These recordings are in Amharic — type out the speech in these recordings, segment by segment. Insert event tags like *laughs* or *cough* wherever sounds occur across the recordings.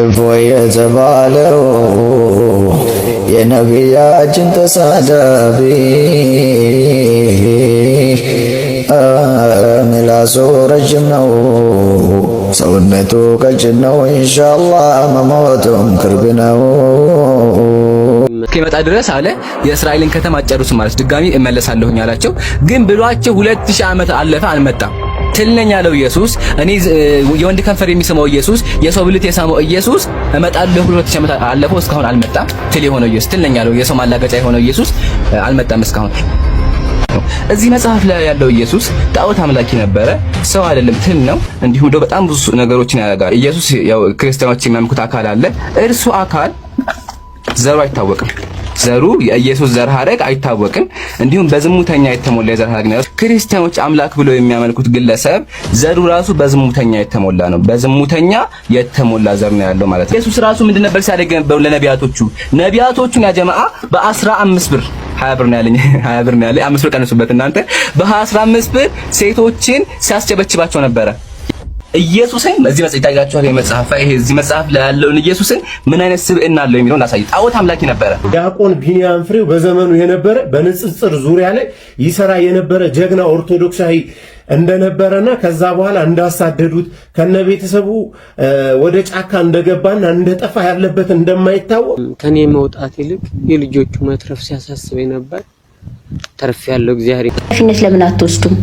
እፎይ የተባለው የነቢያችን ተሳዳቢ ምላሱ ረጅም ነው፣ ሰውነቱ ቀጭን ነው። ኢንሻአላህ መሞቱም ቅርብ ነው። እስኪመጣ ድረስ አለ የእስራኤልን ከተማ አጨርሱ ማለት ድጋሚ እመለሳለሁኝ አላቸው። ግን ብሏቸው ሁለት ሺህ ዓመት አለፈ አልመጣም። ትል ነኝ ያለው ኢየሱስ፣ እኔ የወንድ ከንፈር የሚስመው ኢየሱስ፣ የሰው ብልት የሳመው ኢየሱስ እመጣለሁ ብሎ ተሸመታ አለፈው። እስካሁን አልመጣም። ትል የሆነው ኢየሱስ፣ ትል ነኝ ያለው የሰው ማላገጫ የሆነው ኢየሱስ አልመጣም እስካሁን። እዚህ መጽሐፍ ላይ ያለው ኢየሱስ ጣዖት አምላኪ ነበረ፣ ሰው አይደለም፣ ትል ነው። እንዲሁም ደግሞ በጣም ብዙ ነገሮችን ያደርጋል ኢየሱስ። ያው ክርስቲያኖች የሚያምኩት አካል አለ፣ እርሱ አካል ዘሩ አይታወቅም። ዘሩ የኢየሱስ ዘር ሐረግ አይታወቅም። እንዲሁም በዝሙተኛ የተሞላ የዘር ሐረግ ነው። ክርስቲያኖች አምላክ ብለው የሚያመልኩት ግለሰብ ዘሩ ራሱ በዝሙተኛ የተሞላ ነው። በዝሙተኛ የተሞላ ዘር ነው ያለው ማለት ነው። ኢየሱስ ራሱ ምንድን ነበር ለነቢያቶቹ ነቢያቶቹን ያጀማአ በአስራ አምስት ብር ሀያ ብር ነው ያለኝ ሀያ ብር ነው ያለኝ አምስት ብር ቀንሱበት እናንተ በአስራ አምስት ብር ሴቶችን ሲያስጨበችባቸው ነበረ። ኢየሱስን በዚህ መጽሐፍ ይታያችኋል። የመጽሐፍ ይሄ እዚህ መጽሐፍ ላይ ያለውን ኢየሱስን ምን አይነት ስብዕና አለው የሚለውን ላሳይ። ጣዖት አምላኪ ነበረ። ዲያቆን ቢንያም ፍሬው በዘመኑ የነበረ በንጽጽር ዙሪያ ላይ ይሰራ የነበረ ጀግና ኦርቶዶክሳዊ እንደነበረና ከዛ በኋላ እንዳሳደዱት ከነ ቤተሰቡ ወደ ጫካ እንደገባና እንደጠፋ ያለበት እንደማይታወቅ ከኔ መውጣት ይልቅ የልጆቹ መትረፍ ሲያሳስበኝ ነበር። ተርፌያለሁ። እግዚአብሔር ኃላፊነት ለምን አትወስዱም?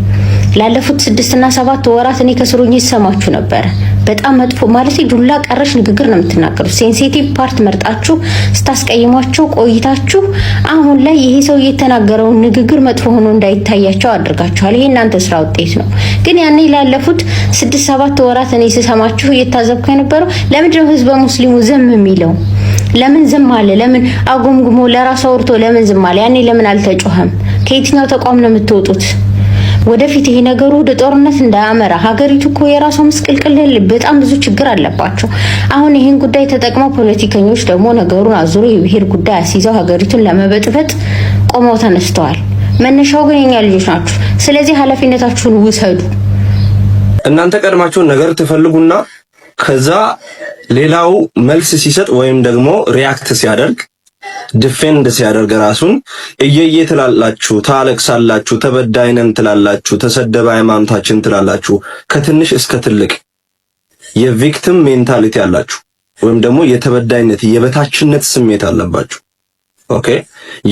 ላለፉት ስድስትና ሰባት ወራት እኔ ከስሩኝ ይሰማችሁ ነበረ። በጣም መጥፎ ማለት ዱላ ቀረሽ ንግግር ነው የምትናገሩት። ሴንሲቲቭ ፓርት መርጣችሁ ስታስቀይሟቸው ቆይታችሁ አሁን ላይ ይሄ ሰው የተናገረውን ንግግር መጥፎ ሆኖ እንዳይታያቸው አድርጋችኋል። ይሄ እናንተ ስራ ውጤት ነው። ግን ያኔ ላለፉት ስድስት ሰባት ወራት እኔ ስሰማችሁ እየታዘብኩ የነበረው ለምንድነው ህዝበ ሙስሊሙ ዝም የሚለው? ለምን ዝም አለ? ለምን አጎምጉሞ ለራሱ አውርቶ ለምን ዝም አለ? ያኔ ለምን አልተጮኸም? ከየትኛው ተቋም ነው የምትወጡት? ወደፊት ይሄ ነገሩ ወደ ጦርነት እንዳያመራ ሀገሪቱ እኮ የራሷ ምስቅልቅል በጣም ብዙ ችግር አለባቸው። አሁን ይህን ጉዳይ ተጠቅመው ፖለቲከኞች ደግሞ ነገሩን አዙሮ የብሄር ጉዳይ አስይዘው ሀገሪቱን ለመበጥበጥ ቆመው ተነስተዋል። መነሻው ግን የኛ ልጆች ናችሁ። ስለዚህ ኃላፊነታችሁን ውሰዱ። እናንተ ቀድማችሁን ነገር ትፈልጉና ከዛ ሌላው መልስ ሲሰጥ ወይም ደግሞ ሪያክት ሲያደርግ ዲፌንድ ሲያደርግ ራሱን እየየ ትላላችሁ፣ ታለቅሳላችሁ፣ ተበዳይነን ትላላችሁ፣ ተሰደበ ሃይማኖታችን ትላላችሁ። ከትንሽ እስከ ትልቅ የቪክቲም ሜንታሊቲ አላችሁ ወይም ደግሞ የተበዳይነት የበታችነት ስሜት አለባችሁ። ኦኬ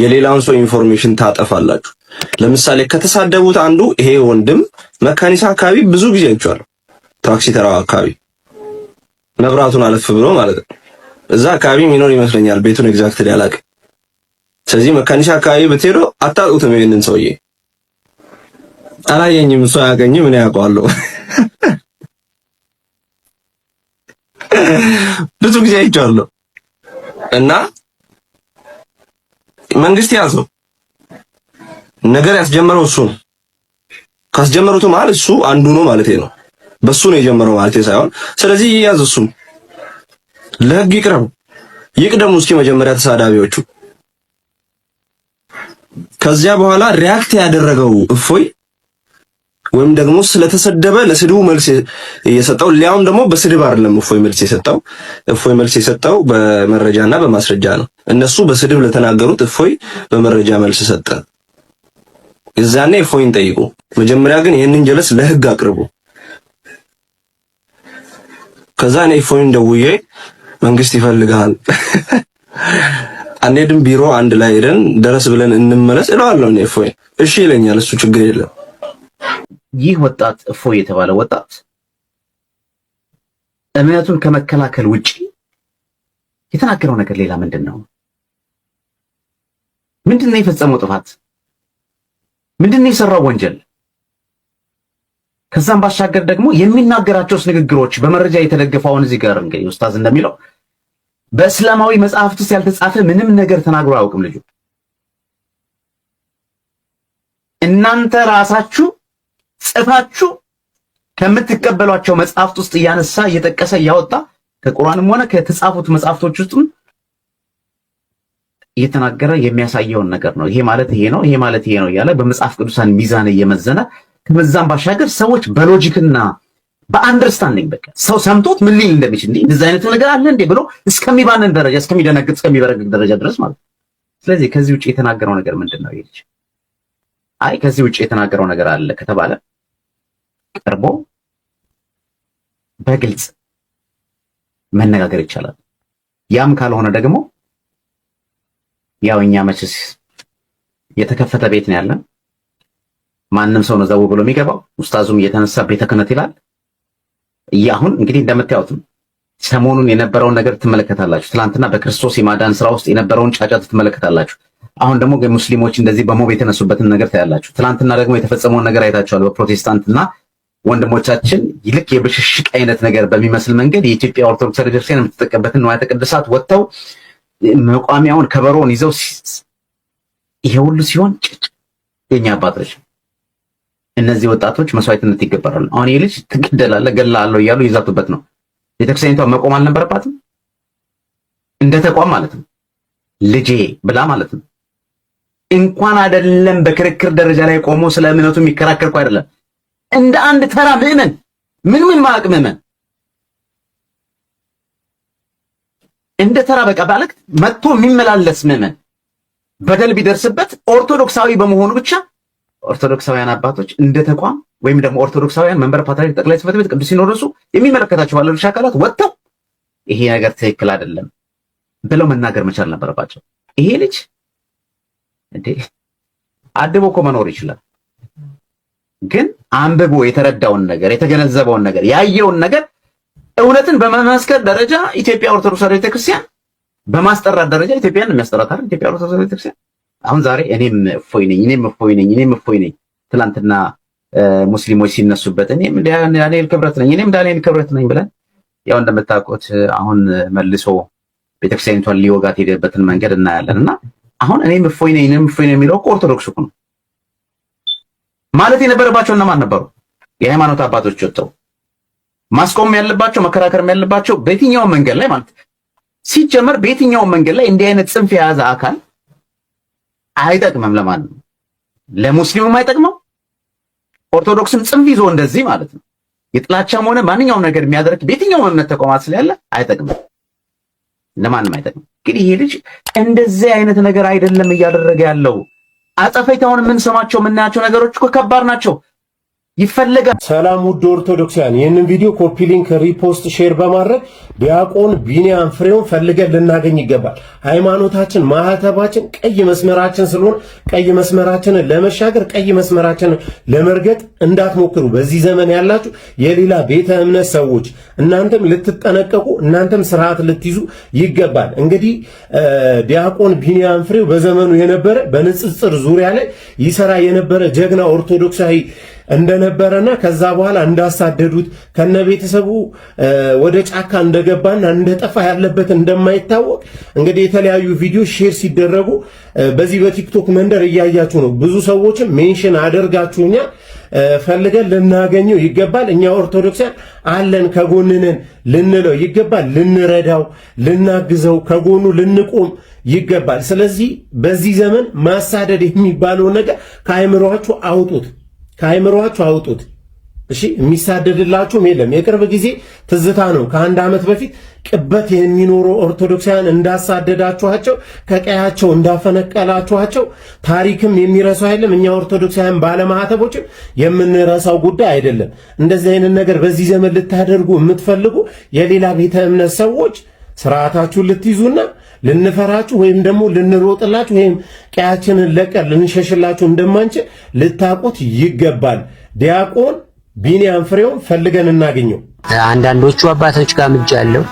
የሌላውን ሰው ኢንፎርሜሽን ታጠፋላችሁ። ለምሳሌ ከተሳደቡት አንዱ ይሄ ወንድም መካኒሳ አካባቢ ብዙ ጊዜ አይቼዋለሁ። ታክሲ ተራው አካባቢ መብራቱን አለፍ ብሎ ማለት ነው እዛ አካባቢ የሚኖር ይመስለኛል። ቤቱን ኤግዛክት አላውቅም። ስለዚህ መካኒሻ አካባቢ ብትሄዱ አታጡትም። ይሄንን ሰውዬ አላየኝም፣ እሱ አያውቀኝም፣ እኔ አውቀዋለሁ። *laughs* ብዙ ጊዜ አይቼዋለሁ እና መንግስት ያዘው። ነገር ያስጀመረው እሱ ነው። ካስጀመሩት ማለት እሱ አንዱ ነው ማለት ነው። በሱ ነው የጀመረው ማለት ሳይሆን፣ ስለዚህ ይያዝ እሱም ለህግ ይቅረቡ፣ ይቅደሙ። እስኪ መጀመሪያ ተሳዳቢዎቹ። ከዚያ በኋላ ሪያክት ያደረገው እፎይ ወይም ደግሞ ስለተሰደበ ለስድቡ መልስ የሰጠው ሊያውም ደግሞ በስድብ አይደለም። እፎይ መልስ የሰጠው እፎይ መልስ የሰጠው በመረጃና በማስረጃ ነው። እነሱ በስድብ ለተናገሩት እፎይ በመረጃ መልስ ሰጠ። እዛኔ እፎይን ጠይቁ። መጀመሪያ ግን ይህንን ጀለስ ለህግ አቅርቡ። ከዛ እኔ እፎይን ደውዬ መንግስት ይፈልግሃል፣ አንሄድም ቢሮ አንድ ላይ ሄደን ደረስ ብለን እንመለስ እለዋለሁ። እኔ እፎይ እሺ ይለኛል። እሱ ችግር የለም። ይህ ወጣት እፎይ የተባለ ወጣት እምነቱን ከመከላከል ውጪ የተናገረው ነገር ሌላ ምንድን ነው? ምንድን ነው የፈጸመው ጥፋት? ምንድን ነው የሰራው ወንጀል? ከዛም ባሻገር ደግሞ የሚናገራቸውስ ንግግሮች በመረጃ የተደገፈውን እዚህ ጋር እንግዲህ ኡስታዝ እንደሚለው በእስላማዊ መጽሐፍት ውስጥ ያልተጻፈ ምንም ነገር ተናግሮ አያውቅም ልጁ። እናንተ ራሳችሁ ጽፋችሁ ከምትቀበሏቸው መጽሐፍት ውስጥ እያነሳ እየጠቀሰ እያወጣ ከቁርአንም ሆነ ከተጻፉት መጽሐፍቶች ውስጥም እየተናገረ የሚያሳየውን ነገር ነው። ይሄ ማለት ይሄ ነው፣ ይሄ ማለት ይሄ ነው እያለ በመጽሐፍ ቅዱሳን ሚዛን እየመዘነ ከመዛም ባሻገር ሰዎች በሎጂክና በአንደርስታንዲንግ በቃ ሰው ሰምቶት ምን ሊል እንደሚችል እንዴ እንደዚህ አይነት ነገር አለ እንዴ ብሎ እስከሚባንን ደረጃ እስከሚደነግጥ እስከሚበረግግ ደረጃ ድረስ ማለት ነው። ስለዚህ ከዚህ ውጭ የተናገረው ነገር ምንድን ነው? ይልች አይ ከዚህ ውጭ የተናገረው ነገር አለ ከተባለ ቀርቦ በግልጽ መነጋገር ይቻላል። ያም ካልሆነ ደግሞ ያው እኛ መቼስ የተከፈተ ቤት ነው ያለን። ማንም ሰው ነው ዘው ብሎ የሚገባው። ኡስታዙም እየተነሳ ቤተ ክህነት ይላል። አሁን እንግዲህ እንደምታዩት ሰሞኑን የነበረውን ነገር ትመለከታላችሁ። ትናንትና በክርስቶስ የማዳን ስራ ውስጥ የነበረውን ጫጫት ትመለከታላችሁ። አሁን ደግሞ ሙስሊሞች እንደዚህ በሞብ የተነሱበትን ነገር ታያላችሁ። ትናንትና ደግሞ የተፈጸመውን ነገር አይታችኋል። በፕሮቴስታንትና ወንድሞቻችን ይልቅ የብሽሽቅ አይነት ነገር በሚመስል መንገድ የኢትዮጵያ ኦርቶዶክስ ቤተክርስቲያን የምትጠቀምበትን ንዋያተ ቅድሳት ወጥተው መቋሚያውን ከበሮውን ይዘው ይሄ ሁሉ ሲሆን የኛ አባቶች እነዚህ ወጣቶች መስዋዕትነት ይገበራሉ። አሁን ይህ ልጅ ትገደላለህ፣ አለው እያሉ ይዛቱበት ነው። ቤተክርስቲያኒቷ መቆም አልነበረባትም እንደ ተቋም ማለት ነው። ልጄ ብላ ማለት ነው። እንኳን አይደለም በክርክር ደረጃ ላይ ቆሞ ስለ እምነቱ የሚከራከርኩ አይደለም እንደ አንድ ተራ ምዕመን ምን ምን ማቅ ምዕመን እንደ ተራ በቃ ባለክ መጥቶ የሚመላለስ ምዕመን በደል ቢደርስበት ኦርቶዶክሳዊ በመሆኑ ብቻ ኦርቶዶክሳውያን አባቶች እንደ ተቋም ወይም ደግሞ ኦርቶዶክሳውያን መንበረ ፓትርያርክ ጠቅላይ ጽሕፈት ቤት ቅዱስ ሲኖዶሱ የሚመለከታቸው ባለድርሻ አካላት ወጥተው ይሄ ነገር ትክክል አይደለም ብለው መናገር መቻል ነበረባቸው። ይሄ ልጅ እንዴ አድቦ እኮ መኖር ይችላል። ግን አንብቦ የተረዳውን ነገር የተገነዘበውን ነገር ያየውን ነገር እውነትን በመመስከር ደረጃ ኢትዮጵያ ኦርቶዶክስ ቤተክርስቲያን በማስጠራት ደረጃ ኢትዮጵያን የሚያስጠራት አይደል? ኢትዮጵያ ኦርቶዶክስ ቤተክርስቲያን አሁን ዛሬ እኔም እፎይ ነኝ፣ እኔም እፎይ ነኝ፣ እኔም እፎይ ነኝ። ትላንትና ሙስሊሞች ሲነሱበት እኔም ዳንኤል ክብረት ነኝ፣ እኔም ዳንኤል ክብረት ነኝ ብለን ያው እንደምታውቁት አሁን መልሶ ቤተክርስቲያኒቷን ሊወጋት ሄደበትን መንገድ እናያለን እና አሁን እኔም እፎይ ነኝ፣ እኔም እፎይ ነኝ የሚለው ኦርቶዶክስ እኮ ነው ማለት የነበረባቸው እነማን ነበሩ? የሃይማኖት አባቶች ወጥተው ማስቆም ያለባቸው መከራከርም ያለባቸው በየትኛውም መንገድ ላይ ማለት ሲጀመር በየትኛውም መንገድ ላይ እንዲህ አይነት ጽንፍ የያዘ አካል አይጠቅምም። ለማን ነው? ለሙስሊሙም አይጠቅመው፣ ኦርቶዶክስም ጽንፍ ይዞ እንደዚህ ማለት ነው። የጥላቻም ሆነ ማንኛውም ነገር የሚያደርግ በየትኛው እምነት ተቋማት ስላለ አይጠቅምም፣ ለማንም አይጠቅምም። እንግዲህ ይሄ ልጅ እንደዚህ አይነት ነገር አይደለም እያደረገ ያለው። አጸፈይታውን የምንሰማቸው የምናያቸው ነገሮች እኮ ከባድ ናቸው። ይፈለጋል። ሰላም ውድ ኦርቶዶክሳውያን፣ ይህንን ቪዲዮ ኮፒ ሊንክ፣ ሪፖስት፣ ሼር በማድረግ ዲያቆን ቢኒያም ፍሬውን ፈልገን ልናገኝ ይገባል። ሃይማኖታችን፣ ማህተባችን ቀይ መስመራችን ስለሆነ ቀይ መስመራችንን ለመሻገር ቀይ መስመራችንን ለመርገጥ እንዳትሞክሩ። በዚህ ዘመን ያላችሁ የሌላ ቤተ እምነት ሰዎች እናንተም ልትጠነቀቁ፣ እናንተም ስርዓት ልትይዙ ይገባል። እንግዲህ ዲያቆን ቢኒያም ፍሬው በዘመኑ የነበረ በንጽጽር ዙሪያ ላይ ይሰራ የነበረ ጀግና ኦርቶዶክሳዊ እንደነበረና ከዛ በኋላ እንዳሳደዱት ከነ ቤተሰቡ ወደ ጫካ እንደገባና እንደጠፋ ያለበት እንደማይታወቅ እንግዲህ የተለያዩ ቪዲዮ ሼር ሲደረጉ በዚህ በቲክቶክ መንደር እያያችሁ ነው። ብዙ ሰዎችም ሜንሽን አደርጋችሁኛ ፈልገን ልናገኘው ይገባል። እኛ ኦርቶዶክሳን አለን ከጎንንን ልንለው ይገባል። ልንረዳው፣ ልናግዘው፣ ከጎኑ ልንቆም ይገባል። ስለዚህ በዚህ ዘመን ማሳደድ የሚባለውን ነገር ከአይምሯችሁ አውጡት። ከአይምሯችሁ አውጡት። እሺ የሚሳደድላችሁም የለም። የቅርብ ጊዜ ትዝታ ነው። ከአንድ ዓመት በፊት ቅበት የሚኖሩ ኦርቶዶክሳውያን እንዳሳደዳችኋቸው፣ ከቀያቸው እንዳፈነቀላችኋቸው ታሪክም የሚረሳው አይደለም። እኛ ኦርቶዶክሳውያን ባለማዕተቦችም የምንረሳው ጉዳይ አይደለም። እንደዚህ አይነት ነገር በዚህ ዘመን ልታደርጉ የምትፈልጉ የሌላ ቤተ እምነት ሰዎች ስርዓታችሁን ልትይዙና ልንፈራችሁ ወይም ደግሞ ልንሮጥላችሁ ወይም ቀያችንን ለቀ ልንሸሽላችሁ እንደማንችል ልታቁት ይገባል። ዲያቆን ቢኒያም ፍሬውን ፈልገን እናገኘው። አንዳንዶቹ አባቶች ጋር ምጃለሁ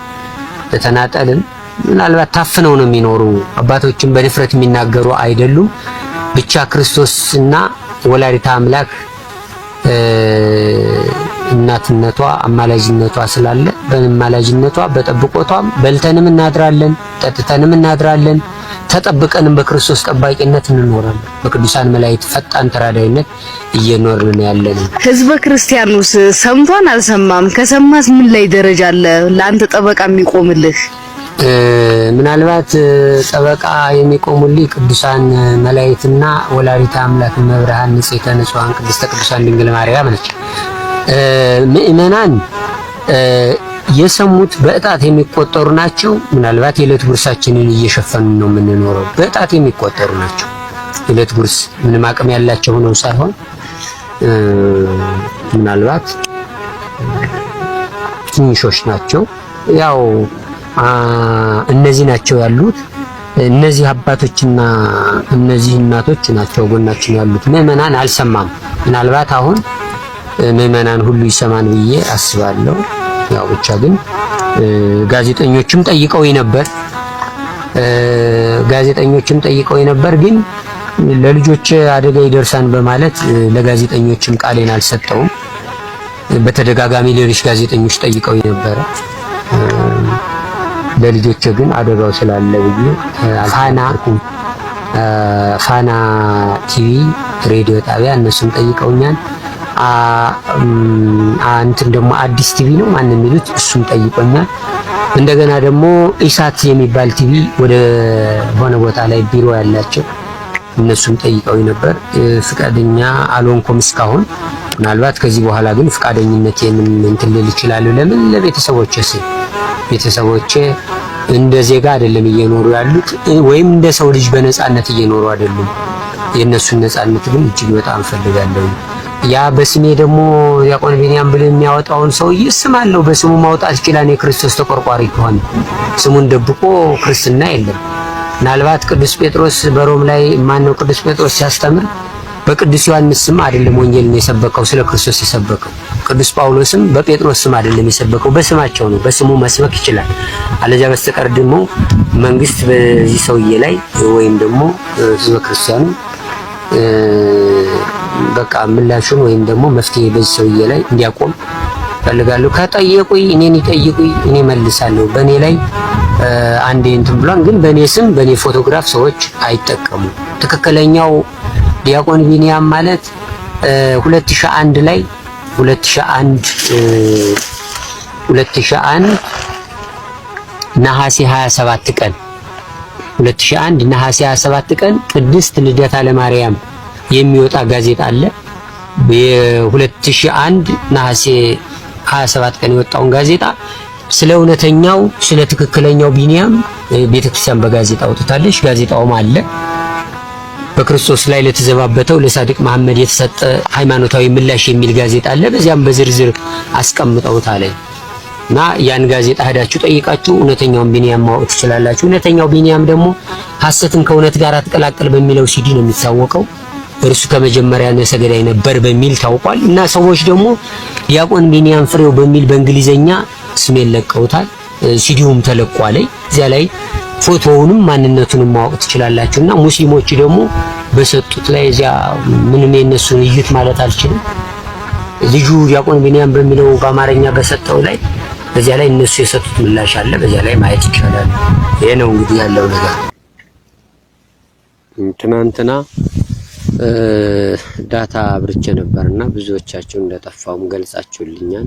በተናጠልም ምናልባት ታፍነው ነው የሚኖሩ አባቶችን በድፍረት የሚናገሩ አይደሉም። ብቻ ክርስቶስና ወላዲተ አምላክ እናትነቷ አማላጅነቷ ስላለ በማላጅነቷ በጠብቆቷም በልተንም እናድራለን፣ ጠጥተንም እናድራለን፣ ተጠብቀንም በክርስቶስ ጠባቂነት እንኖራለን። በቅዱሳን መላእክት ፈጣን ተራዳይነት እየኖርን ያለን ህዝበ ክርስቲያኑስ ሰምቷን አልሰማም? ከሰማስ ምን ላይ ደረጃ አለ? ለአንተ ጠበቃ የሚቆምልህ ምናልባት ጠበቃ የሚቆሙልኝ ቅዱሳን መላእክትና ወላዲተ አምላክ መብርሃን ንጽሕተ ንጹሐን ቅድስተ ቅዱሳን ድንግል ማርያም ነች። ምእመናን የሰሙት በእጣት የሚቆጠሩ ናቸው። ምናልባት የዕለት ጉርሳችንን እየሸፈኑ ነው የምንኖረው። በእጣት የሚቆጠሩ ናቸው። የዕለት ጉርስ ምንም አቅም ያላቸው ሆነው ሳይሆን ምናልባት ትንሾች ናቸው። ያው እነዚህ ናቸው ያሉት እነዚህ አባቶችና እነዚህ እናቶች ናቸው ጎናችን ያሉት። ምእመናን አልሰማም። ምናልባት አሁን ምዕመናን ሁሉ ይሰማን ብዬ አስባለሁ። ያው ብቻ ግን ጋዜጠኞችም ጠይቀው ነበር ጋዜጠኞችም ጠይቀው ነበር ግን ለልጆች አደጋ ይደርሳን በማለት ለጋዜጠኞችም ቃሌን አልሰጠውም። በተደጋጋሚ ሌሎች ጋዜጠኞች ጠይቀው ነበረ። ለልጆች ግን አደጋው ስላለ ብዬ ፋና ፋና ቲቪ ሬዲዮ ጣቢያ እነሱም ጠይቀውኛል። እንትን ደግሞ አዲስ ቲቪ ነው ማን የሚሉት እሱም ጠይቆኛል። እንደገና ደግሞ ኢሳት የሚባል ቲቪ ወደ ሆነ ቦታ ላይ ቢሮ ያላቸው እነሱም ጠይቀው ነበር። ፍቃደኛ አልሆንኩም እስካሁን። ምናልባት ከዚህ በኋላ ግን ፍቃደኝነት የምን እንትን ልል ለምን ለቤተሰቦቼ ስል ቤተሰቦቼ እንደ ዜጋ አይደለም እየኖሩ ያሉት፣ ወይም እንደ ሰው ልጅ በነጻነት እየኖሩ አይደሉም። የእነሱን ነጻነት ግን እጅግ በጣም እፈልጋለሁ። ያ በስሜ ደግሞ ዲያቆን ቢንያም ብሎ የሚያወጣውን ሰውዬ ስም አለው በስሙ ማውጣት ይችላል። የክርስቶስ ተቆርቋሪ ከሆነ ስሙን ደብቆ ክርስትና የለም። ምናልባት ቅዱስ ጴጥሮስ በሮም ላይ ማነው ቅዱስ ጴጥሮስ ሲያስተምር በቅዱስ ዮሐንስ ስም አይደለም ወንጌልን የሰበከው ስለ ክርስቶስ የሰበከው። ቅዱስ ጳውሎስም በጴጥሮስ ስም አይደለም የሰበከው፣ በስማቸው ነው። በስሙ መስበክ ይችላል። አለዚያ በስተቀር ደግሞ መንግስት በዚህ ሰውዬ ላይ ወይም ደግሞ ህዝበ ክርስቲያኑ በቃ ምላሹን ወይም ደግሞ መፍትሄ በዚህ ሰውዬ ላይ እንዲያቆም ፈልጋለሁ። ከጠየቁኝ እኔን ይጠይቁኝ፣ እኔ መልሳለሁ። በእኔ ላይ አንዴ እንትን ብሏን፣ ግን በእኔ ስም በእኔ ፎቶግራፍ ሰዎች አይጠቀሙ። ትክክለኛው ዲያቆን ቢኒያም ማለት 2001 ላይ 2001 2001 ነሐሴ 27 ቀን 2001 ነሐሴ 27 ቀን ቅድስት ልደታ ለማርያም የሚወጣ ጋዜጣ አለ። የ2001 ነሐሴ 27 ቀን የወጣውን ጋዜጣ ስለ እውነተኛው ስለ ትክክለኛው ቢንያም ቤተክርስቲያን በጋዜጣ አውጥታለች። ጋዜጣውም አለ። በክርስቶስ ላይ ለተዘባበተው ለሳድቅ መሐመድ የተሰጠ ሃይማኖታዊ ምላሽ የሚል ጋዜጣ አለ። በዚያም በዝርዝር አስቀምጠውታል እና ያን ጋዜጣ ሄዳችሁ ጠይቃችሁ እውነተኛውን ቢንያም ማወቅ ትችላላችሁ። እውነተኛው ቢንያም ደግሞ ሐሰትን ከእውነት ጋር አትቀላቀል በሚለው ሲዲ ነው የሚታወቀው። እርሱ ከመጀመሪያ ነፍሰ ገዳይ ነበር በሚል ታውቋል። እና ሰዎች ደግሞ ዲያቆን ቢኒያም ፍሬው በሚል በእንግሊዘኛ ስሜን ለቀውታል። ሲዲውም ተለቋል። እዚያ ላይ ፎቶውንም ማንነቱንም ማወቅ ትችላላችሁ። እና ሙስሊሞች ደግሞ በሰጡት ላይ እዚያ ምንም የነሱን እዩት ማለት አልችልም። ልጁ ዲያቆን ቢኒያም በሚለው በአማርኛ በሰጠው ላይ በዚያ ላይ እነሱ የሰጡት ምላሽ አለ። በዚያ ላይ ማየት ይቻላል። ይሄ ነው እንግዲህ ያለው ነገር ትናንትና ዳታ አብርቼ ነበር እና ብዙዎቻችሁ እንደጠፋውም ገልጻችሁልኛል።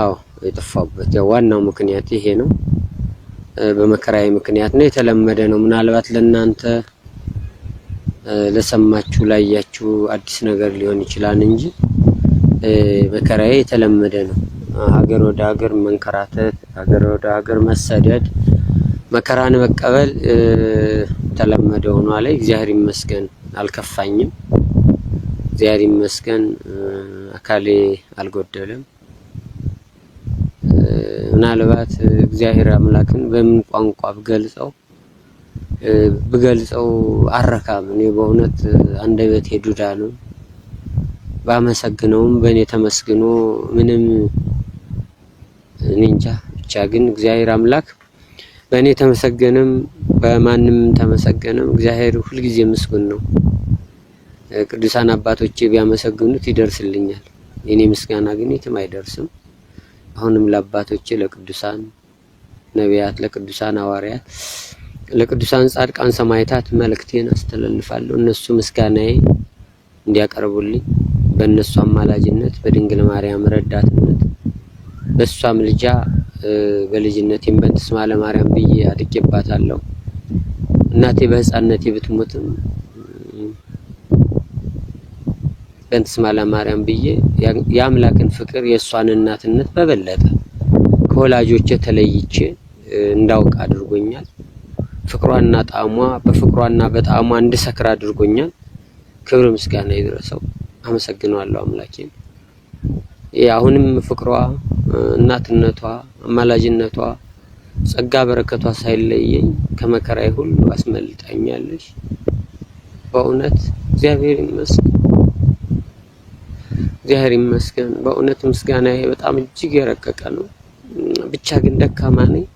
አዎ የጠፋበት ዋናው ምክንያት ይሄ ነው። በመከራዊ ምክንያት ነው። የተለመደ ነው። ምናልባት ለእናንተ ለሰማችሁ ላያችሁ አዲስ ነገር ሊሆን ይችላል እንጂ መከራዬ የተለመደ ነው። ሀገር ወደ ሀገር መንከራተት፣ ሀገር ወደ ሀገር መሰደድ፣ መከራን መቀበል የተለመደ አለ። እግዚአብሔር ይመስገን አልከፋኝም። እግዚአብሔር ይመስገን አካሌ አልጎደለም። ምናልባት እግዚአብሔር አምላክን በምን ቋንቋ ብገልጸው ብገልጸው አረካም። እኔ በእውነት አንደበቴ ዱዳ ነው። ባመሰግነውም በእኔ ተመስግኖ ምንም እኔ እንጃ ብቻ ግን እግዚአብሔር አምላክ በእኔ ተመሰገነም በማንም ተመሰገነም እግዚአብሔር ሁልጊዜ ምስጉን ነው። ቅዱሳን አባቶቼ ቢያመሰግኑት ይደርስልኛል። የኔ ምስጋና ግን የትም አይደርስም። አሁንም ለአባቶቼ ለቅዱሳን ነቢያት፣ ለቅዱሳን ሐዋርያት፣ ለቅዱሳን ጻድቃን ሰማዕታት መልእክቴን አስተላልፋለሁ። እነሱ ምስጋናዬ እንዲያቀርቡልኝ በእነሱ አማላጅነት በድንግል ማርያም ረዳትነት በእሷም ልጃ በልጅነቴም በእንትስ ማርያም ብዬ አድጌባታለሁ። እናቴ በህፃንነቴ ብትሞትም በእንትስ ማርያም ብዬ የአምላክን ፍቅር የእሷን እናትነት በበለጠ ከወላጆች ተለይቼ እንዳውቅ አድርጎኛል። ፍቅሯና ጣዕሟ በፍቅሯና በጣዕሟ እንድሰክር አድርጎኛል። ክብር ምስጋና ይድረሰው። አመሰግነዋለሁ አምላኬን። አሁንም ፍቅሯ፣ እናትነቷ፣ አማላጅነቷ፣ ጸጋ በረከቷ ሳይለየኝ ከመከራዬ ሁሉ አስመልጣኛለች። በእውነት እግዚአብሔር ይመስገን፣ እግዚአብሔር ይመስገን። በእውነት ምስጋናዬ በጣም እጅግ የረቀቀ ነው። ብቻ ግን ደካማ ነኝ።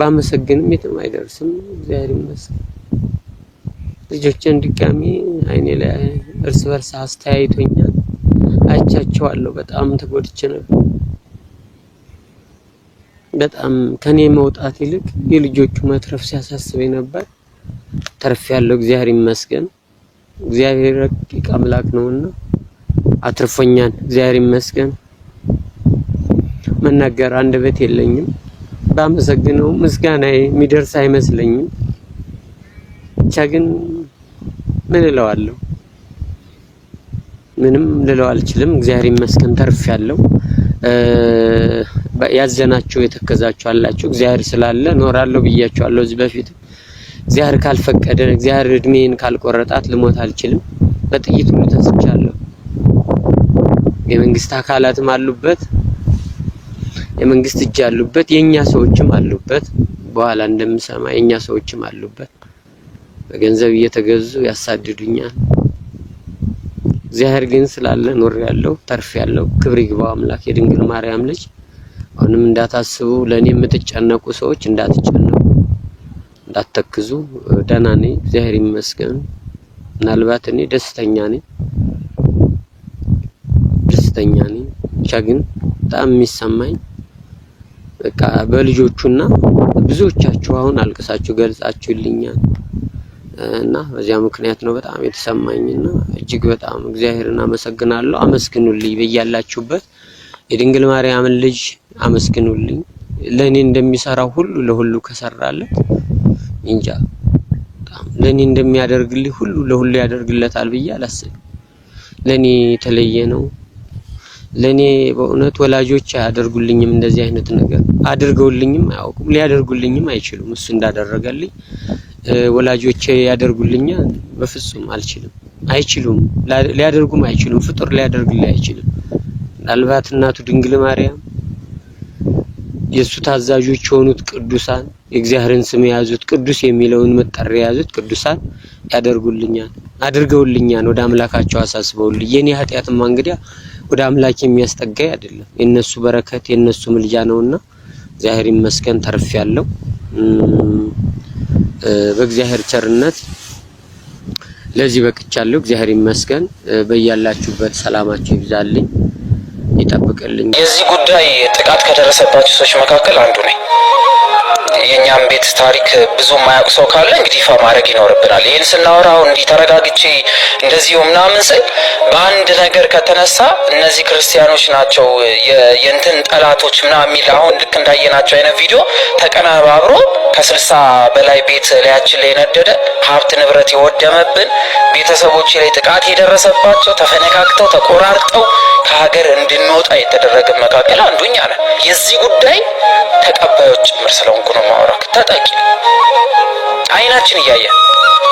ባመሰግንም የትም አይደርስም። እግዚአብሔር ይመስገን። ልጆቼን ድጋሚ አይኔ ላይ እርስ በርስ አስተያይቶኛል። አይቻቸዋለሁ። በጣም ተጎድቼ ነበር። በጣም ከኔ መውጣት ይልቅ የልጆቹ መትረፍ ሲያሳስበኝ ነበር። ያለው እግዚአብሔር ይመስገን። እግዚአብሔር ረቂቅ አምላክ ነውና አትርፎኛል፣ እግዚአብሔር ይመስገን። መናገር በት የለኝም። ባመሰግነው ምስጋና የሚደርስ አይመስለኝም። ብቻ ግን ምን እለዋለሁ? ምንም ልለው አልችልም። እግዚአብሔር ይመስገን ተርፍ ያለው ያዘናችሁ የተከዛችሁ አላችሁ። እግዚአብሔር ስላለ ኖራለሁ ብያችኋለሁ እዚህ በፊት። እግዚአብሔር ካልፈቀደ እግዚአብሔር እድሜን ካልቆረጣት ልሞት አልችልም። በጥይት ሙሉ ተስቻለሁ። የመንግስት አካላትም አሉበት፣ የመንግስት እጅ አሉበት፣ የኛ ሰዎችም አሉበት። በኋላ እንደምሰማ የኛ ሰዎችም አሉበት። በገንዘብ እየተገዙ ያሳድዱኛል። እግዚአብሔር ግን ስላለ ኖር ያለው ተርፍ ያለው ክብር ይግባው አምላክ የድንግል ማርያም ልጅ። አሁንም እንዳታስቡ ለእኔ የምትጨነቁ ሰዎች እንዳትጨነቁ፣ እንዳትተክዙ። ደህና ነኝ፣ እግዚአብሔር ይመስገን። ምናልባት እኔ ደስተኛ ነኝ ደስተኛ ነኝ። ብቻ ግን በጣም የሚሰማኝ በቃ በልጆቹና ብዙዎቻችሁ አሁን አልቅሳችሁ ገልጻችሁልኛል። እና በዚያ ምክንያት ነው በጣም የተሰማኝና እጅግ በጣም እግዚአብሔርን አመሰግናለሁ። አመስግኑልኝ በያላችሁበት የድንግል ማርያምን ልጅ አመስግኑልኝ። ለእኔ እንደሚሰራው ሁሉ ለሁሉ ከሰራለት እንጃ ለእኔ እንደሚያደርግልኝ ሁሉ ለሁሉ ያደርግለታል ብዬ አላስብም። ለእኔ የተለየ ነው። ለእኔ በእውነት ወላጆች አያደርጉልኝም፣ እንደዚህ አይነት ነገር አድርገውልኝም አያውቁም፣ ሊያደርጉልኝም አይችሉም። እሱ እንዳደረገልኝ ወላጆቼ ያደርጉልኛል? በፍጹም አልችልም፣ አይችሉም፣ ሊያደርጉም አይችሉም። ፍጡር ሊያደርግልኝ አይችልም። ምናልባት እናቱ ድንግል ማርያም፣ የእሱ ታዛዦች የሆኑት ቅዱሳን፣ የእግዚአብሔርን ስም የያዙት ቅዱስ የሚለውን መጠሪያ የያዙት ቅዱሳን ያደርጉልኛል፣ አድርገውልኛል፣ ወደ አምላካቸው አሳስበውልኝ። የኔ ኃጢአትማ እንግዲያ ወደ አምላክ የሚያስጠጋኝ አይደለም፣ የእነሱ በረከት የእነሱ ምልጃ ነውና እግዚአብሔር ይመስገን ተርፌያለሁ። በእግዚአብሔር ቸርነት ለዚህ በቅቻለሁ። እግዚአብሔር ይመስገን። በያላችሁበት ሰላማችሁ ይብዛልኝ፣ ይጠብቅልኝ። የዚህ ጉዳይ ጥቃት ከደረሰባቸው ሰዎች መካከል አንዱ ነኝ። የእኛም ቤት ታሪክ ብዙ ማያውቅ ሰው ካለ እንግዲህ ይፋ ማድረግ ይኖርብናል። ይህን ስናወራ አሁን እንዲህ ተረጋግቼ እንደዚሁ ምናምን ስል በአንድ ነገር ከተነሳ እነዚህ ክርስቲያኖች ናቸው የእንትን ጠላቶች ምናምን የሚል አሁን ልክ እንዳየናቸው አይነት ቪዲዮ ተቀነባብሮ ከስልሳ በላይ ቤት ላያችን ላይ የነደደ ሀብት ንብረት የወደመብን ቤተሰቦች ላይ ጥቃት የደረሰባቸው ተፈነካክተው ተቆራርጠው ከሀገር እንድንወጣ የተደረገ መካከል አንዱኛ ነ የዚህ ጉዳይ ተቀባዮች ጭምር ስለሆንኩ ነው ማውራክ ተጠቂ አይናችን እያየ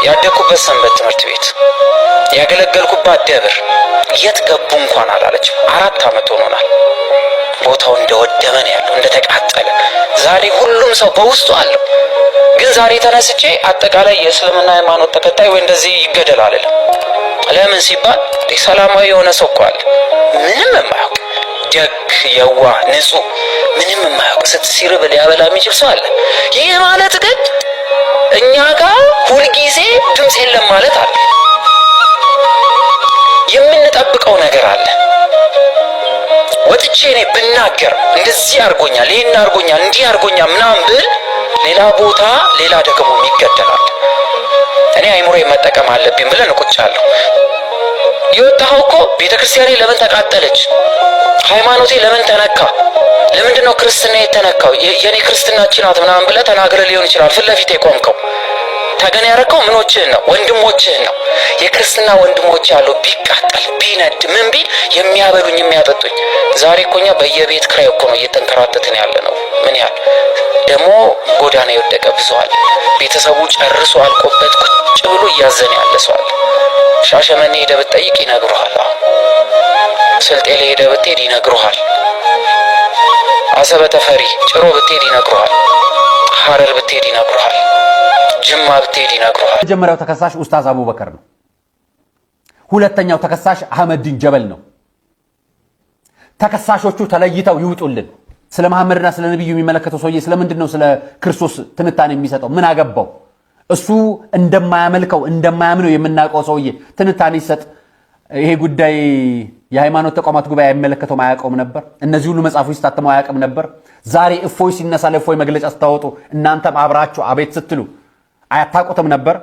ያደግኩበት ሰንበት ትምህርት ቤት ያገለገልኩባት ደብር የት ገቡ እንኳን አላለችም። አራት ዓመት ሆኖናል። ቦታው እንደወደመ ነው ያለው፣ እንደተቃጠለ። ዛሬ ሁሉም ሰው በውስጡ አለው። ግን ዛሬ ተነስቼ አጠቃላይ የእስልምና ሃይማኖት ተከታይ ወይ እንደዚህ ይገደል አልልም። ለምን ሲባል ሰላማዊ የሆነ ሰው እኮ አለ ምንም የማያውቅ ደግ፣ የዋ ንጹህ ምንም የማያውቅ ሲርብ ሊያበላ የሚችል ሰው አለ። ይህ ማለት ግን እኛ ጋር ሁልጊዜ ድምፅ የለም ማለት አለ። የምንጠብቀው ነገር አለ። ወጥቼ እኔ ብናገር እንደዚህ አድርጎኛል፣ ይህን አድርጎኛል፣ እንዲህ አድርጎኛል ምናምን ብል ሌላ ቦታ ሌላ ደግሞ ይገደላል። እኔ አይምሮ መጠቀም አለብኝ ብለን ቁጭ አለሁ። የወጣኸው እኮ ቤተ ክርስቲያኔ ለምን ተቃጠለች? ሃይማኖቴ ለምን ተነካ? ለምንድን ነው ክርስትና የተነካው? የእኔ ክርስትናችን ናት ምናምን ብለህ ተናግረህ ሊሆን ይችላል ፊት ለፊት የቆምከው ተገን ያደረገው ምኖችህን ነው? ወንድሞችህን ነው። የክርስትና ወንድሞች አሉ። ቢቃጠል ቢነድ ምን ቢል የሚያበሉኝ የሚያጠጡኝ። ዛሬ እኮ እኛ በየቤት ክራይ እኮ ነው እየተንከራተትን ያለ ነው። ምን ያህል ደግሞ ጎዳና የወደቀ ብዙዋል። ቤተሰቡ ጨርሶ አልቆበት ቁጭ ብሎ እያዘነ ያለ ሰዋል። ሻሸመኔ ሄደ ብትጠይቅ ይነግሩሃል። ስልጤ ላይ ሄደ ብትሄድ ይነግሩሃል። አሰበ ተፈሪ ጭሮ ብትሄድ ይነግሩሃል። ሀረር ብትሄድ ይነግሩሃል። ጅማ ብትሄድ ይነግረዋል። መጀመሪያው ተከሳሽ ኡስታዝ አቡበከር ነው። ሁለተኛው ተከሳሽ አህመድን ጀበል ነው። ተከሳሾቹ ተለይተው ይውጡልን። ስለ መሐመድና ስለ ነቢዩ የሚመለከተው ሰውዬ ስለምንድን ነው ስለ ክርስቶስ ትንታኔ የሚሰጠው? ምን አገባው? እሱ እንደማያመልከው እንደማያምነው የምናውቀው ሰውዬ ትንታኔ ይሰጥ። ይሄ ጉዳይ የሃይማኖት ተቋማት ጉባኤ የሚመለከተው አያውቀውም ነበር። እነዚህ ሁሉ መጽሐፎች ሲታተመው አያውቅም ነበር። ዛሬ እፎይ ሲነሳ ለእፎይ መግለጫ ስታወጡ እናንተም አብራችሁ አቤት ስትሉ አያታቁትም ነበር?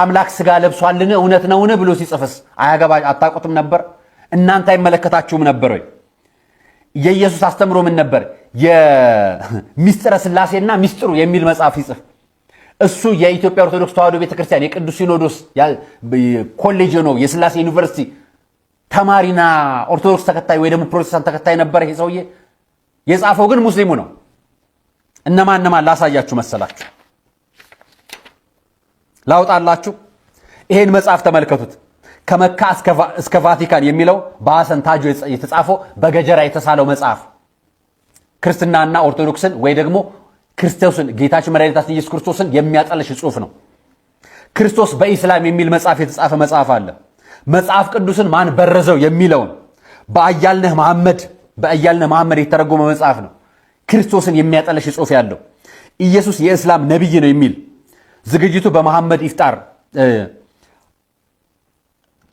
አምላክ ስጋ ለብሷልን እውነት ነውን ብሎ ሲጽፍስ አያገባ አታቁትም ነበር? እናንተ አይመለከታችሁም ነበር ወይ? የኢየሱስ አስተምሮ ምን ነበር? የሚስጥረ ስላሴና ሚስጥሩ የሚል መጽሐፍ ይጽፍ። እሱ የኢትዮጵያ ኦርቶዶክስ ተዋህዶ ቤተክርስቲያን የቅዱስ ሲኖዶስ ኮሌጅ ነው የስላሴ ዩኒቨርሲቲ ተማሪና ኦርቶዶክስ ተከታይ ወይ ደግሞ ፕሮቴስታንት ተከታይ ነበር። ይሄ ሰውዬ የጻፈው ግን ሙስሊሙ ነው። እነማን እነማን ላሳያችሁ መሰላችሁ? ላውጣላችሁ። ይሄን መጽሐፍ ተመልከቱት። ከመካ እስከ ቫቲካን የሚለው በሐሰን ታጆ የተጻፈው በገጀራ የተሳለው መጽሐፍ ክርስትናና ኦርቶዶክስን ወይ ደግሞ ክርስቶስን ጌታችን መድኃኒታችን ኢየሱስ ክርስቶስን የሚያጠለሽ ጽሑፍ ነው። ክርስቶስ በኢስላም የሚል መጽሐፍ የተጻፈ መጽሐፍ አለ። መጽሐፍ ቅዱስን ማን በረዘው የሚለውን በአያልነህ መሐመድ በአያልነህ መሐመድ የተረጎመ መጽሐፍ ነው። ክርስቶስን የሚያጠለሽ ጽሑፍ ያለው ኢየሱስ የእስላም ነቢይ ነው የሚል ዝግጅቱ በመሐመድ ኢፍጣር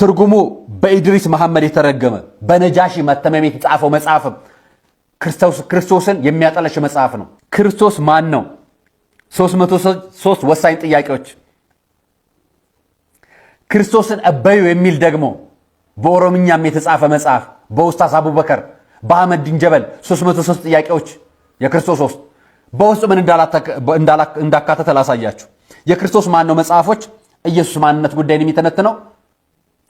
ትርጉሙ በኢድሪስ መሐመድ የተረገመ በነጃሺ መተመም የተጻፈው መጽሐፍም ክርስቶስን የሚያጠለሽ መጽሐፍ ነው። ክርስቶስ ማን ነው? 303 ወሳኝ ጥያቄዎች። ክርስቶስን እበዩ የሚል ደግሞ በኦሮምኛም የተጻፈ መጽሐፍ በውስታስ አቡበከር በአህመድ ድንጀበል 303 ጥያቄዎች የክርስቶስ ውስጥ በውስጥ ምን እንዳካተተ ላሳያችሁ። የክርስቶስ ማን ነው መጽሐፎች ኢየሱስ ማንነት ጉዳይን የሚተነትነው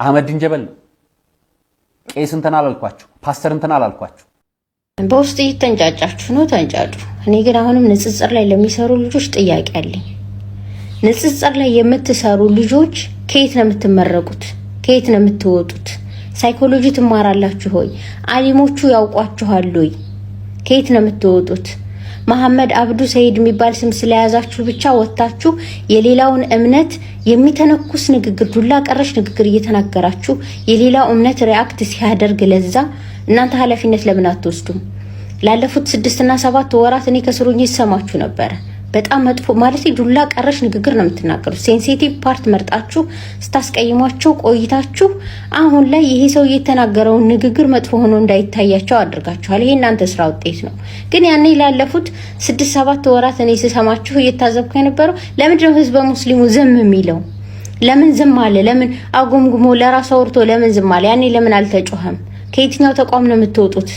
አህመድን ጀበል ነው። ቄስ እንትን አላልኳችሁ፣ ፓስተር እንትን አላልኳችሁ። በውስጥ እየተንጫጫችሁ ነው፣ ተንጫጩ። እኔ ግን አሁንም ንጽጽር ላይ ለሚሰሩ ልጆች ጥያቄ አለኝ። ንጽጽር ላይ የምትሰሩ ልጆች ከየት ነው የምትመረቁት? ከየት ነው የምትወጡት? ሳይኮሎጂ ትማራላችሁ ሆይ? አሊሞቹ ያውቋችኋል ሆይ? ከየት ነው የምትወጡት? መሐመድ አብዱ ሰይድ የሚባል ስም ስለያዛችሁ ብቻ ወጥታችሁ የሌላውን እምነት የሚተነኩስ ንግግር፣ ዱላ ቀረሽ ንግግር እየተናገራችሁ የሌላው እምነት ሪአክት ሲያደርግ ለዛ እናንተ ኃላፊነት ለምን አትወስዱም? ላለፉት ስድስትና ሰባት ወራት እኔ ከስሩኝ ይሰማችሁ ነበረ። በጣም መጥፎ ማለት ዱላ ቀረሽ ንግግር ነው የምትናገሩት። ሴንሲቲቭ ፓርት መርጣችሁ ስታስቀይሟቸው ቆይታችሁ አሁን ላይ ይሄ ሰው የተናገረውን ንግግር መጥፎ ሆኖ እንዳይታያቸው አድርጋችኋል። ይሄ እናንተ ስራ ውጤት ነው። ግን ያኔ ላለፉት ስድስት ሰባት ወራት እኔ ስሰማችሁ እየታዘብኩ የነበረው ለምንድነው ህዝበ ሙስሊሙ ዝም የሚለው? ለምን ዝም አለ? ለምን አጎምጉሞ ለራሱ አውርቶ ለምን ዝም አለ? ያኔ ለምን አልተጮኸም? ከየትኛው ተቋም ነው የምትወጡት?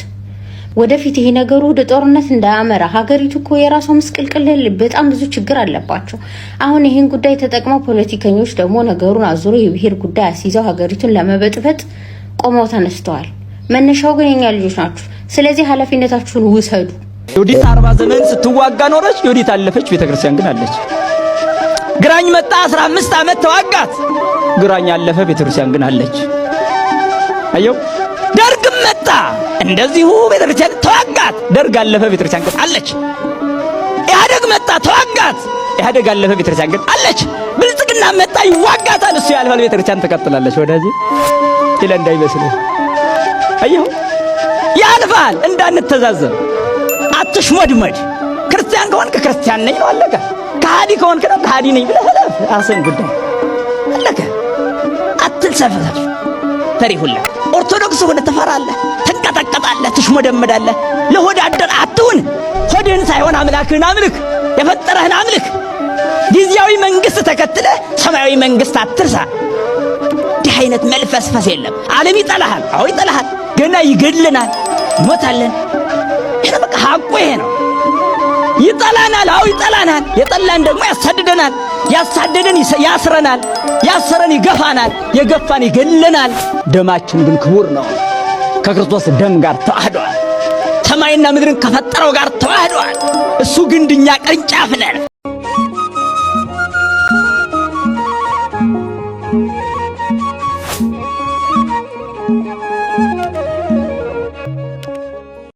ወደፊት ይሄ ነገሩ ወደ ጦርነት እንዳያመራ ሀገሪቱ እኮ የራሷ ምስቅልቅል በጣም ብዙ ችግር አለባቸው። አሁን ይህን ጉዳይ ተጠቅመው ፖለቲከኞች ደግሞ ነገሩን አዙሮ የብሔር ጉዳይ አስይዘው ሀገሪቱን ለመበጥበጥ ቆመው ተነስተዋል። መነሻው ግን የኛ ልጆች ናችሁ። ስለዚህ ኃላፊነታችሁን ውሰዱ። ዮዲት አርባ ዘመን ስትዋጋ ኖረች። ዮዲት አለፈች፣ ቤተክርስቲያን ግን አለች። ግራኝ መጣ፣ 15 ዓመት ተዋጋት። ግራኝ አለፈ፣ ቤተክርስቲያን ግን አለች። አየው ደርግም መጣ። እንደዚሁ ቤተክርስቲያን ተዋጋት። ደርግ አለፈ፣ ቤተክርስቲያን ግን አለች። ኢህአደግ መጣ፣ ተዋጋት። ኢህአደግ አለፈ፣ ቤተክርስቲያን ግን አለች። ብልጽግና መጣ፣ ይዋጋታል። እሱ ያልፋል፣ ቤተክርስቲያን ትቀጥላለች። ወዳጅ ይለ እንዳይመስል አየሁ ያልፋል። እንዳንተዛዘብ አትሽመድመድ። ክርስቲያን ከሆንክ ክርስቲያን ነኝ ነው አለቀ። ከሃዲ ከሆንክ ነው ከሃዲ ነኝ ብለህ እለፍ። አሰን ጉዳይ አለቀ። አትልሰፍሰፍ ተሪሁላ ስትሆን ትፈራለህ፣ ትንቀጠቀጣለህ፣ ትሽሞደመዳለህ። ለሆድ አደር አትሁን። ሆድህን ሳይሆን አምላክህን አምልክ፣ የፈጠረህን አምልክ። ጊዜያዊ መንግስት ተከትለ ሰማያዊ መንግስት አትርሳ። እንዲህ አይነት መልፈስፈስ የለም። ዓለም ይጠላሃል። አዎ ይጠላሃል። ገና ይገድልናል፣ ሞታለን። ይሄ በቃ ሐቁ ይሄ ነው። ይጠላናል። አዎ ይጠላናል። የጠላን ደግሞ ያሳድደናል። ያሳደደን ያስረናል፣ ያሰረን ይገፋናል፣ የገፋን ይገለናል። ደማችን ግን ክቡር ነው። ከክርስቶስ ደም ጋር ተዋህዷል። ሰማይና ምድርን ከፈጠረው ጋር ተዋህዷል። እሱ እኛ ቅርንጫፍ ነን።